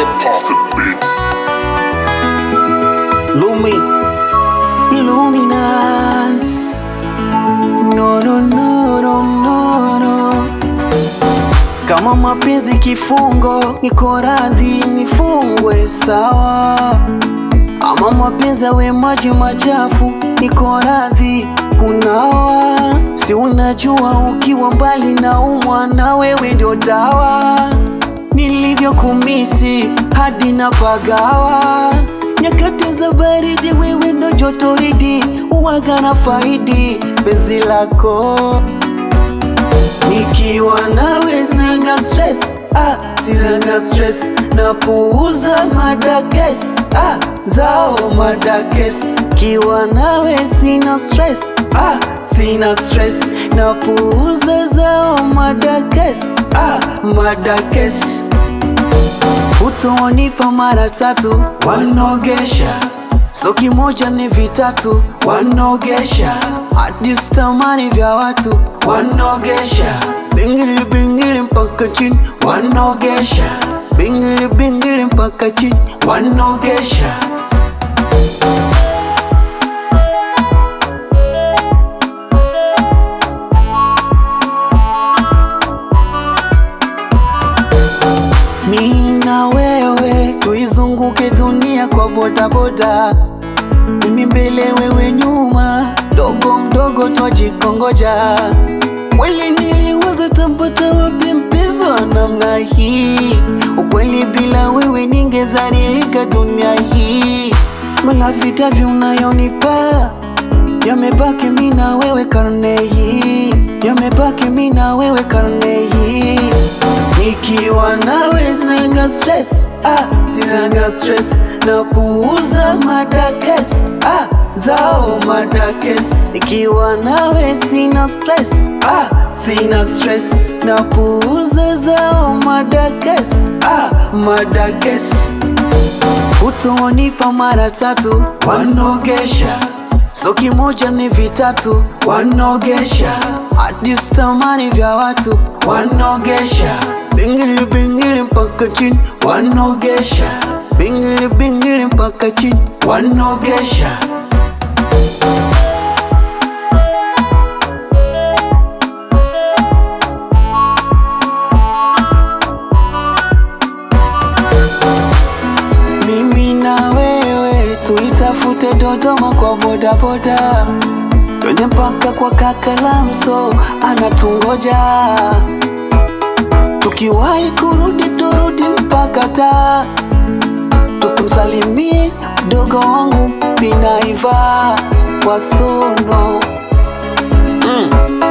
the prophet beats. Lumi. No, no, no, no, no, no. Kama mapenzi kifungo, niko radhi nifungwe sawa. Ama mapenzi awe maji machafu, niko radhi kunawa. Si unajua ukiwa mbali na umwa, na wewe ndio dawa nilivyokumisi hadi na pagawa nyakati za baridi, wewe ndo joto hidi uwaga na faidi penzi lako nikiwa nawe sinaga stress, ah, sinaga stress na puuza madakes ah, zao madakes kiwa nawe sina stress, ah, sina stress na puuza zao madakes mada Madakesi utoonipa mara tatu, wanogesha so kimoja ni vitatu, wanogesha hadi stamani vya watu, wanogesha bingili bingili mpaka chini, wanogesha bingili bingili mpaka chini, wanogesha mi na wewe tuizunguke dunia kwa bodaboda, mimi mbele wewe nyuma, dogo mdogo twajikongoja. Kweli niliweza tampata wapi mpenzi wa namna hii? Ukweli bila wewe ningedhalilika dunia hii. Malafita unayonipa yamebaki mimi na wewe karne hii, yamebaki mimi na wewe karne hii Nikiwa nawe sinanga stress, ah, sinanga stress napuuza madakes ah, zao madakes. Nikiwa nawe sina stress, ah, sina stress napuuza zao madakes ah, madakes. Utonipa mara tatu wanogesha, so kimoja ni vitatu wanogesha, hadi sitamani vya watu wanogesha Bingili bingili mpaka chini wanogesha, bingili bingili mpaka chini wanogesha. Mimi na wewe tuitafute Dodoma kwa bodaboda, twende mpaka kwa kaka Lamso anatungoja. Tukiwahi kurudi turudi mpaka taa, tukumsalimie mdogo wangu Binaiva Wasono mm.